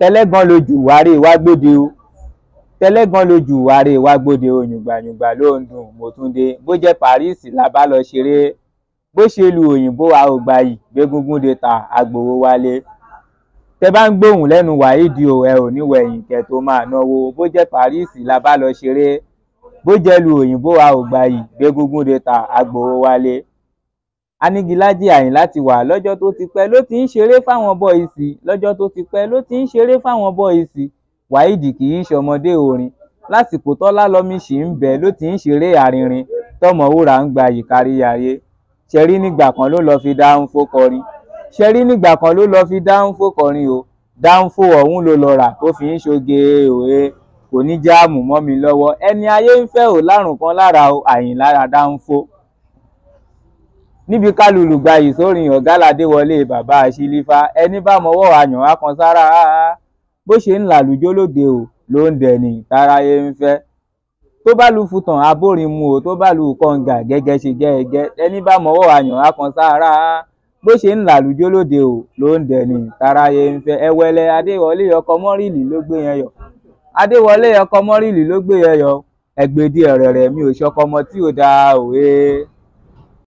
tẹlẹ́gàn lójú wàárẹ̀ wá gbòde o tẹlẹ́gàn lójú wàárẹ̀ wá gbòde o yùngbàyùngbà ló ń dùn mo bó jẹ́ Paris la bá lọ ṣeré bó ṣe lu òyìnbó a ò gbayì gbégúngún de ta agbowó wálé tẹ bá ń gbóhùn lẹ́nu wáídì o ẹ ò ní wẹ̀yìn kẹ máa náwó bó jẹ́ Paris la bá lọ ṣeré bó jẹ́ lu òyìnbó a ò gbayì gbégúngún de ta agbowó wálé anigilájí àyìnlá ti wà lọ́jọ́ tó ti pẹ́ ló ti ń ṣeré fáwọn bọ́ìsì lọ́jọ́ tó ti pẹ́ ló ti ń ṣeré fáwọn bọ́ìsì waheed kì í ṣọmọdé orin lásìkò tọ́lá lọ́mí ṣì ń bẹ̀ ló ti ń ṣeré àrinrin tọmọ wúrà ń gba yìíkáríyàyé ṣẹ̀rí nígbà kan ló lọ́ọ́ fi dáhùnfó kọrin ṣẹ̀rí nígbà kan ló lọ́ọ́ fi dáhùnfó kọrin o dáhùnfó ọ̀hún ló lọ rà tó fi ń ṣoge òwe kò ní jáàmù mọ́ mi lọ́wọ́ ẹni ayé ń fẹ́ ò lárùn kan lára àyìnlá dáhùnfó níbi kálùlù gbayì sórin ọ̀gá ládéwọlé bàbá àṣìlífà ẹni bá mọwọ́ àyàn akàn sára bó ṣe ń làlùjọ́ lóde o ló ń dẹ̀ni táráyé ń fẹ́ tó bá lu futàn abórin mu o tó bá lu kọǹgà gẹ́gẹ́ ṣe gẹ́gẹ́ ẹni bá mọwọ́ àyàn akàn sára bó ṣe ń làlùjọ́ lóde o ló ń dẹ̀ni táráyé ń fẹ́ ẹwẹ́lẹ́ adéwọlé ọkọ mọ́rìlì ló gbé yẹn yọ adéwọlé ọkọ mọ́rìlì ló gbé yẹn yọ ẹgbẹ́dì ọ̀rẹ́ rẹ̀ mi ò ṣọkọmọ tí ò dáa òwe.